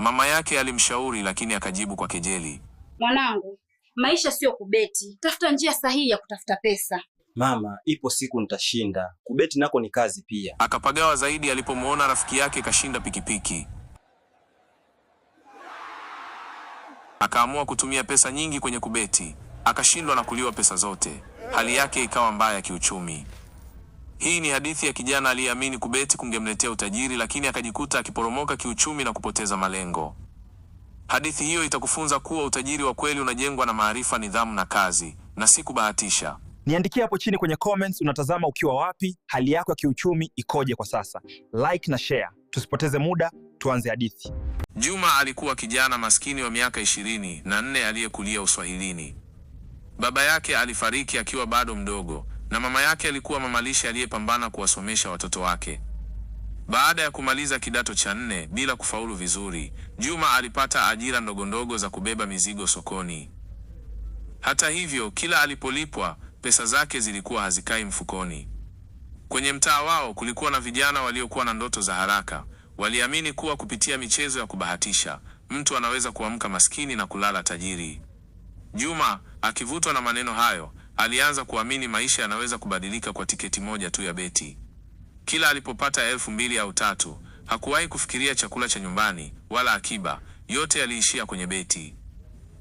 Mama yake alimshauri lakini akajibu kwa kejeli, mwanangu, maisha siyo kubeti, tafuta njia sahihi ya kutafuta pesa. Mama, ipo siku nitashinda. Kubeti nako ni kazi pia. Akapagawa zaidi alipomwona rafiki yake kashinda pikipiki, akaamua kutumia pesa nyingi kwenye kubeti, akashindwa na kuliwa pesa zote. Hali yake ikawa mbaya kiuchumi. Hii ni hadithi ya kijana aliyeamini kubeti kungemletea utajiri, lakini akajikuta akiporomoka kiuchumi na kupoteza malengo. Hadithi hiyo itakufunza kuwa utajiri wa kweli unajengwa na maarifa, nidhamu na kazi, na si kubahatisha. Niandikie hapo chini kwenye comments, unatazama ukiwa wapi? Hali yako ya kiuchumi ikoje kwa sasa? Like na share, tusipoteze muda, tuanze hadithi. Juma alikuwa kijana maskini wa miaka ishirini na nne aliyekulia Uswahilini. Baba yake alifariki akiwa bado mdogo, na mama yake alikuwa mama aliyepambana kuwasomesha watoto wake. Baada ya kumaliza kidato cha nne bila kufaulu vizuri, Juma alipata ajira ndogondogo za kubeba mizigo sokoni. Hata hivyo, kila alipolipwa pesa zake zilikuwa hazikai mfukoni. Kwenye mtaa wao kulikuwa na vijana waliokuwa na ndoto za haraka. Waliamini kuwa kupitia michezo ya kubahatisha mtu anaweza kuamka maskini na kulala tajiri. Juma akivutwa na maneno hayo Alianza kuamini maisha yanaweza kubadilika kwa tiketi moja tu ya beti. Kila alipopata elfu mbili au tatu, hakuwahi kufikiria chakula cha nyumbani wala akiba, yote yaliishia kwenye beti.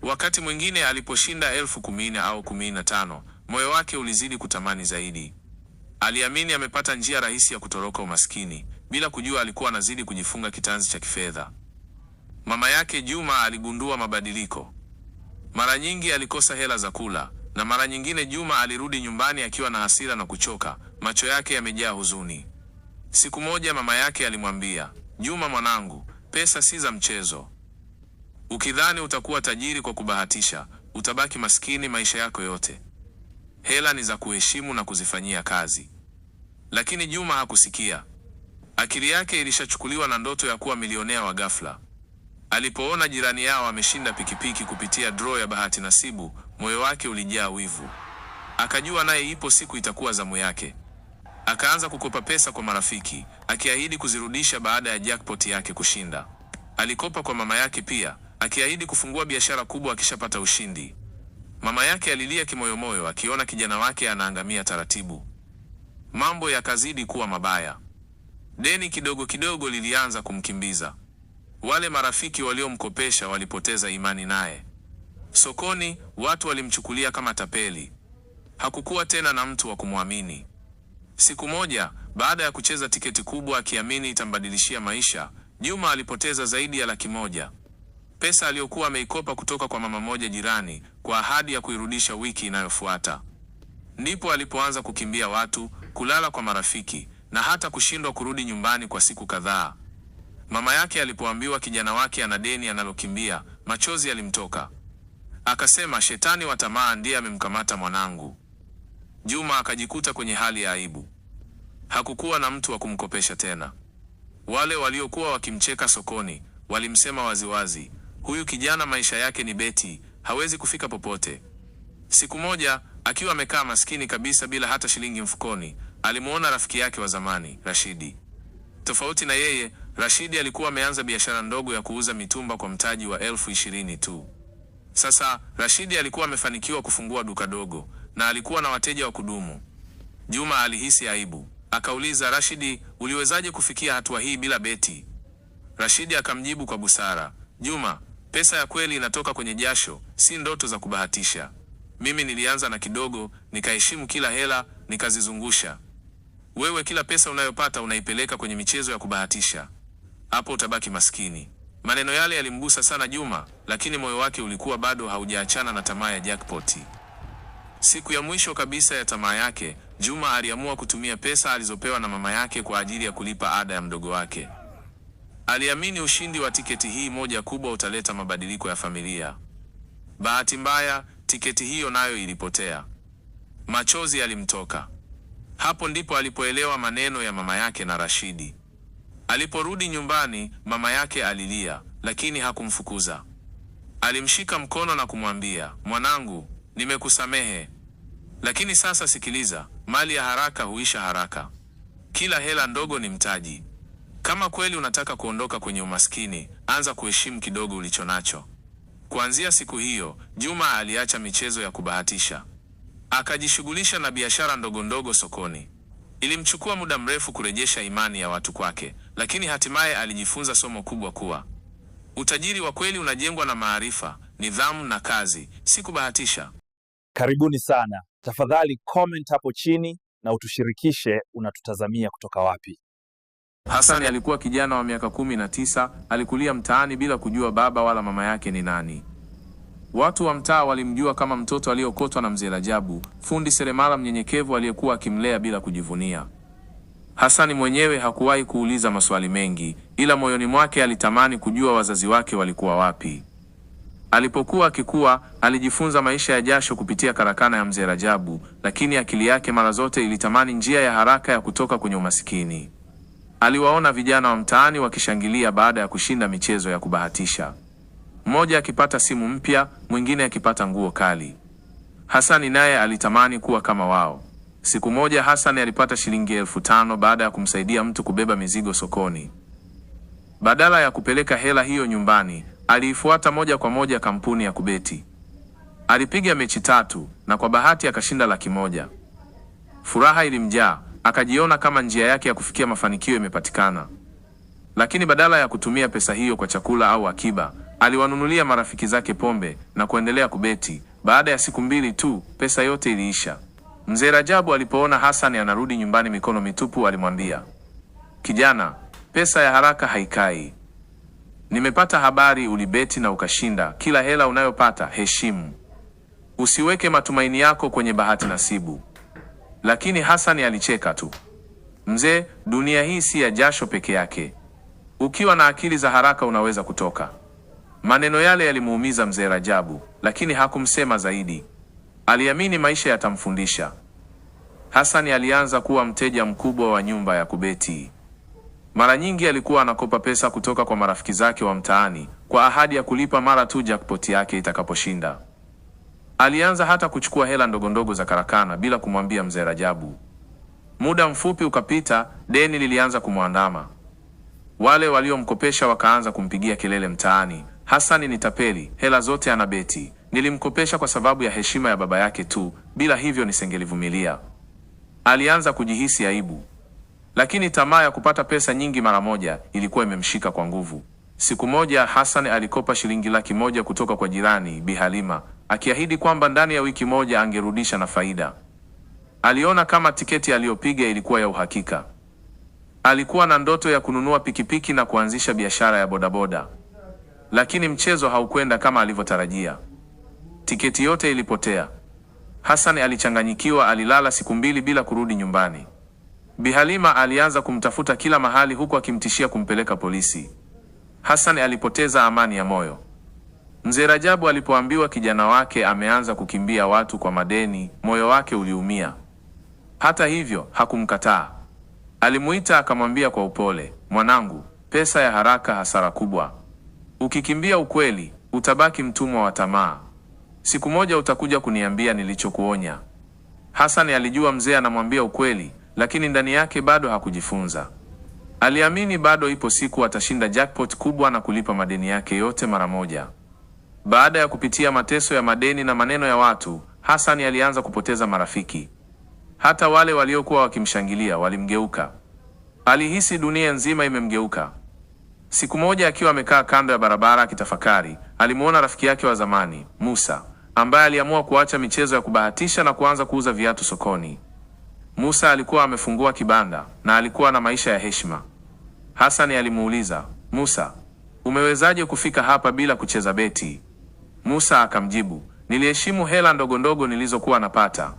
Wakati mwingine aliposhinda elfu kumi au kumi na tano, moyo wake ulizidi kutamani zaidi. Aliamini amepata njia rahisi ya kutoroka umaskini, bila kujua alikuwa anazidi kujifunga kitanzi cha kifedha. Mama yake Juma aligundua mabadiliko. Mara nyingi alikosa hela za kula na mara nyingine Juma alirudi nyumbani akiwa na hasira na kuchoka, macho yake yamejaa huzuni. Siku moja mama yake alimwambia, Juma mwanangu, pesa si za mchezo. Ukidhani utakuwa tajiri kwa kubahatisha, utabaki maskini maisha yako yote. Hela ni za kuheshimu na kuzifanyia kazi. Lakini Juma hakusikia. Akili yake ilishachukuliwa na ndoto ya kuwa milionea wa ghafla. Alipoona jirani yao ameshinda pikipiki kupitia draw ya bahati nasibu, moyo wake ulijaa wivu. Akajua naye ipo siku itakuwa zamu yake. Akaanza kukopa pesa kwa marafiki, akiahidi kuzirudisha baada ya jackpot yake kushinda. Alikopa kwa mama yake pia, akiahidi kufungua biashara kubwa akishapata ushindi. Mama yake alilia kimoyomoyo akiona kijana wake anaangamia taratibu. Mambo yakazidi kuwa mabaya. Deni kidogo kidogo lilianza kumkimbiza. Wale marafiki waliomkopesha walipoteza imani naye. Sokoni watu walimchukulia kama tapeli. Hakukuwa tena na mtu wa kumwamini. Siku moja baada ya kucheza tiketi kubwa akiamini itambadilishia maisha, Juma alipoteza zaidi ya laki moja, pesa aliyokuwa ameikopa kutoka kwa mama moja jirani kwa ahadi ya kuirudisha wiki inayofuata. Ndipo alipoanza kukimbia watu, kulala kwa marafiki na hata kushindwa kurudi nyumbani kwa siku kadhaa. Mama yake alipoambiwa kijana wake ana deni analokimbia, machozi yalimtoka. Akasema shetani wa tamaa ndiye amemkamata mwanangu. Juma akajikuta kwenye hali ya aibu. Hakukuwa na mtu wa kumkopesha tena. Wale waliokuwa wakimcheka sokoni walimsema waziwazi, huyu kijana maisha yake ni beti, hawezi kufika popote. Siku moja akiwa amekaa maskini kabisa bila hata shilingi mfukoni, alimuona rafiki yake wa zamani Rashidi. Tofauti na yeye, Rashidi alikuwa ameanza biashara ndogo ya kuuza mitumba kwa mtaji wa elfu ishirini tu. Sasa Rashidi alikuwa amefanikiwa kufungua duka dogo na alikuwa na wateja wa kudumu. Juma alihisi aibu, akauliza Rashidi, uliwezaje kufikia hatua hii bila beti? Rashidi akamjibu kwa busara, Juma, pesa ya kweli inatoka kwenye jasho, si ndoto za kubahatisha. Mimi nilianza na kidogo, nikaheshimu kila hela, nikazizungusha. Wewe kila pesa unayopata unaipeleka kwenye michezo ya kubahatisha, hapo utabaki maskini. Maneno yale yalimgusa sana Juma, lakini moyo wake ulikuwa bado haujaachana na tamaa ya jackpoti. Siku ya mwisho kabisa ya tamaa yake, Juma aliamua kutumia pesa alizopewa na mama yake kwa ajili ya kulipa ada ya mdogo wake. Aliamini ushindi wa tiketi hii moja kubwa utaleta mabadiliko ya familia. Bahati mbaya, tiketi hiyo nayo ilipotea. Machozi yalimtoka. Hapo ndipo alipoelewa maneno ya mama yake na Rashidi. Aliporudi nyumbani, mama yake alilia, lakini hakumfukuza. Alimshika mkono na kumwambia, mwanangu, nimekusamehe, lakini sasa sikiliza, mali ya haraka huisha haraka. Kila hela ndogo ni mtaji. Kama kweli unataka kuondoka kwenye umaskini, anza kuheshimu kidogo ulicho nacho. Kuanzia siku hiyo, Juma aliacha michezo ya kubahatisha, akajishughulisha na biashara ndogo ndogo sokoni. Ilimchukua muda mrefu kurejesha imani ya watu kwake, lakini hatimaye alijifunza somo kubwa kuwa utajiri wa kweli unajengwa na maarifa, nidhamu na kazi, si kubahatisha. Karibuni sana. Tafadhali comment hapo chini na utushirikishe unatutazamia kutoka wapi. hasani alikuwa kijana wa miaka kumi na tisa. Alikulia mtaani bila kujua baba wala mama yake ni nani. Watu wa mtaa walimjua kama mtoto aliyokotwa na mzee Rajabu, fundi seremala mnyenyekevu aliyekuwa akimlea bila kujivunia. Hasani mwenyewe hakuwahi kuuliza maswali mengi, ila moyoni mwake alitamani kujua wazazi wake walikuwa wapi. Alipokuwa akikua, alijifunza maisha ya jasho kupitia karakana ya mzee Rajabu, lakini akili yake mara zote ilitamani njia ya haraka ya kutoka kwenye umasikini. Aliwaona vijana wa mtaani wakishangilia baada ya kushinda michezo ya kubahatisha mmoja akipata simu mpya, mwingine akipata nguo kali. Hasani naye alitamani kuwa kama wao. Siku moja Hasani alipata shilingi elfu tano baada ya kumsaidia mtu kubeba mizigo sokoni. Badala ya kupeleka hela hiyo nyumbani, aliifuata moja kwa moja kampuni ya kubeti. Alipiga mechi tatu na kwa bahati akashinda laki moja. Furaha ilimjaa, akajiona kama njia yake ya kufikia mafanikio imepatikana. Lakini badala ya kutumia pesa hiyo kwa chakula au akiba, Aliwanunulia marafiki zake pombe na kuendelea kubeti. Baada ya siku mbili tu pesa yote iliisha. Mzee Rajabu alipoona Hasani anarudi nyumbani mikono mitupu, alimwambia kijana, pesa ya haraka haikai. Nimepata habari ulibeti na ukashinda. Kila hela unayopata heshimu, usiweke matumaini yako kwenye bahati nasibu. Lakini Hasani alicheka tu. Mzee, dunia hii si ya jasho peke yake. Ukiwa na akili za haraka unaweza kutoka. Maneno yale yalimuumiza mzee Rajabu, lakini hakumsema zaidi. Aliamini maisha yatamfundisha. Hasani alianza kuwa mteja mkubwa wa nyumba ya kubeti. Mara nyingi alikuwa anakopa pesa kutoka kwa marafiki zake wa mtaani kwa ahadi ya kulipa mara tu jackpot yake itakaposhinda. Alianza hata kuchukua hela ndogondogo za karakana bila kumwambia mzee Rajabu. Muda mfupi ukapita, deni lilianza kumwandama. Wale waliomkopesha wakaanza kumpigia kelele mtaani. Hasani ni tapeli, hela zote anabeti. Nilimkopesha kwa sababu ya heshima ya baba yake tu, bila hivyo nisingelivumilia. Alianza kujihisi aibu, lakini tamaa ya kupata pesa nyingi mara moja ilikuwa imemshika kwa nguvu. Siku moja Hassan alikopa shilingi laki moja kutoka kwa jirani Bi Halima, akiahidi kwamba ndani ya wiki moja angerudisha na faida. Aliona kama tiketi aliyopiga ilikuwa ya uhakika. Alikuwa na ndoto ya kununua pikipiki na kuanzisha biashara ya bodaboda. Lakini mchezo haukwenda kama alivyotarajia. Tiketi yote ilipotea. Hassan alichanganyikiwa, alilala siku mbili bila kurudi nyumbani. Bihalima alianza kumtafuta kila mahali, huku akimtishia kumpeleka polisi. Hassan alipoteza amani ya moyo. Mzee Rajabu alipoambiwa kijana wake ameanza kukimbia watu kwa madeni, moyo wake uliumia. Hata hivyo, hakumkataa. Alimuita akamwambia kwa upole, mwanangu, pesa ya haraka hasara kubwa. Ukikimbia ukweli, utabaki mtumwa wa tamaa. Siku moja utakuja kuniambia nilichokuonya. Hasani alijua mzee anamwambia ukweli, lakini ndani yake bado hakujifunza. Aliamini bado ipo siku atashinda jackpot kubwa na kulipa madeni yake yote mara moja. Baada ya kupitia mateso ya madeni na maneno ya watu, Hasani alianza kupoteza marafiki. Hata wale waliokuwa wakimshangilia walimgeuka. Alihisi dunia nzima imemgeuka. Siku moja akiwa amekaa kando ya barabara akitafakari, alimuona rafiki yake wa zamani Musa ambaye aliamua kuacha michezo ya kubahatisha na kuanza kuuza viatu sokoni. Musa alikuwa amefungua kibanda na alikuwa na maisha ya heshima. Hasani alimuuliza Musa, umewezaje kufika hapa bila kucheza beti? Musa akamjibu, niliheshimu hela ndogondogo nilizokuwa napata,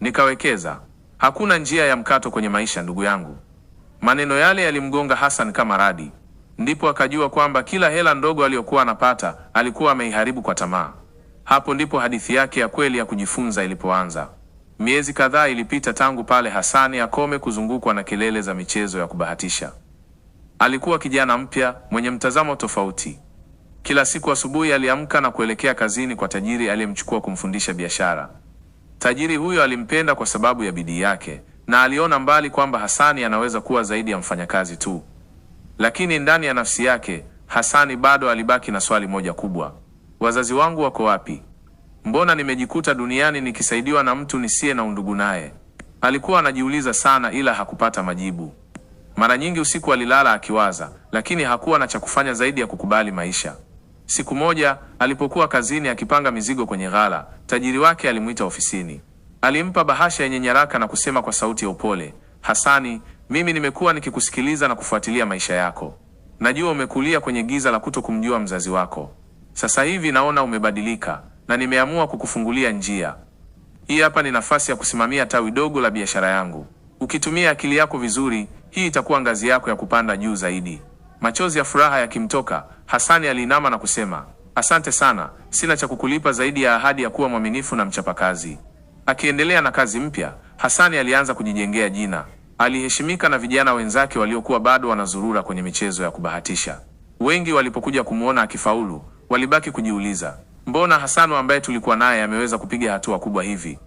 nikawekeza. Hakuna njia ya mkato kwenye maisha, ndugu yangu. Maneno yale yalimgonga Hasan kama radi. Ndipo akajua kwamba kila hela ndogo aliyokuwa anapata alikuwa ameiharibu kwa tamaa. Hapo ndipo hadithi yake ya kweli ya kujifunza ilipoanza. Miezi kadhaa ilipita tangu pale Hasani akome kuzungukwa na kelele za michezo ya kubahatisha. Alikuwa kijana mpya mwenye mtazamo tofauti. Kila siku asubuhi aliamka na kuelekea kazini kwa tajiri aliyemchukua kumfundisha biashara. Tajiri huyo alimpenda kwa sababu ya bidii yake na aliona mbali kwamba Hasani anaweza kuwa zaidi ya mfanyakazi tu. Lakini ndani ya nafsi yake Hasani bado alibaki na swali moja kubwa: wazazi wangu wako wapi? Mbona nimejikuta duniani nikisaidiwa na mtu nisiye na undugu naye? Alikuwa anajiuliza sana, ila hakupata majibu. Mara nyingi usiku alilala akiwaza, lakini hakuwa na cha kufanya zaidi ya kukubali maisha. Siku moja alipokuwa kazini akipanga mizigo kwenye ghala, tajiri wake alimwita ofisini. Alimpa bahasha yenye nyaraka na kusema kwa sauti ya upole, Hasani, mimi nimekuwa nikikusikiliza na kufuatilia maisha yako. Najua umekulia kwenye giza la kuto kumjua mzazi wako. Sasa hivi naona umebadilika na nimeamua kukufungulia njia. Hii hapa ni nafasi ya kusimamia tawi dogo la biashara yangu. Ukitumia akili yako vizuri, hii itakuwa ngazi yako ya kupanda juu zaidi. Machozi ya furaha yakimtoka, Hasani aliinama na kusema, asante sana, sina cha kukulipa zaidi ya ahadi ya kuwa mwaminifu na mchapakazi. Akiendelea na kazi mpya, Hasani alianza kujijengea jina. Aliheshimika na vijana wenzake waliokuwa bado wanazurura kwenye michezo ya kubahatisha. Wengi walipokuja kumwona akifaulu, walibaki kujiuliza, mbona Hasanu ambaye tulikuwa naye ameweza kupiga hatua kubwa hivi?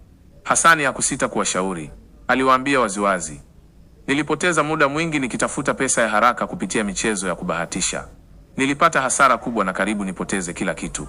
Hasani hakusita kuwashauri. Aliwaambia waziwazi, nilipoteza muda mwingi nikitafuta pesa ya haraka kupitia michezo ya kubahatisha. Nilipata hasara kubwa na karibu nipoteze kila kitu,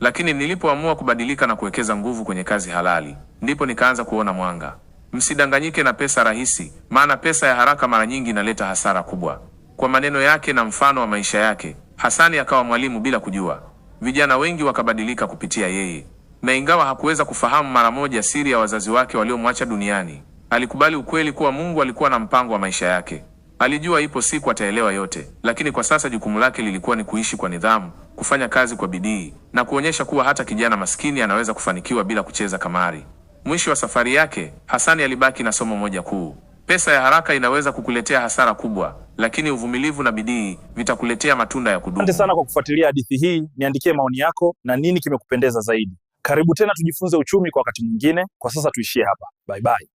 lakini nilipoamua kubadilika na kuwekeza nguvu kwenye kazi halali, ndipo nikaanza kuona mwanga. Msidanganyike na pesa rahisi, maana pesa ya haraka mara nyingi inaleta hasara kubwa. Kwa maneno yake na mfano wa maisha yake, Hasani akawa mwalimu bila kujua. Vijana wengi wakabadilika kupitia yeye, na ingawa hakuweza kufahamu mara moja siri ya wazazi wake waliomwacha duniani, alikubali ukweli kuwa Mungu alikuwa na mpango wa maisha yake. Alijua ipo siku ataelewa yote, lakini kwa sasa jukumu lake lilikuwa ni kuishi kwa nidhamu, kufanya kazi kwa bidii, na kuonyesha kuwa hata kijana maskini anaweza kufanikiwa bila kucheza kamari. Mwisho wa safari yake, Hasani alibaki na somo moja kuu: pesa ya haraka inaweza kukuletea hasara kubwa, lakini uvumilivu na bidii vitakuletea matunda ya kudumu. Asante sana kwa kufuatilia hadithi hii. Niandikie maoni yako na nini kimekupendeza zaidi. Karibu tena tujifunze uchumi kwa wakati mwingine. Kwa sasa tuishie hapa. Bye bye.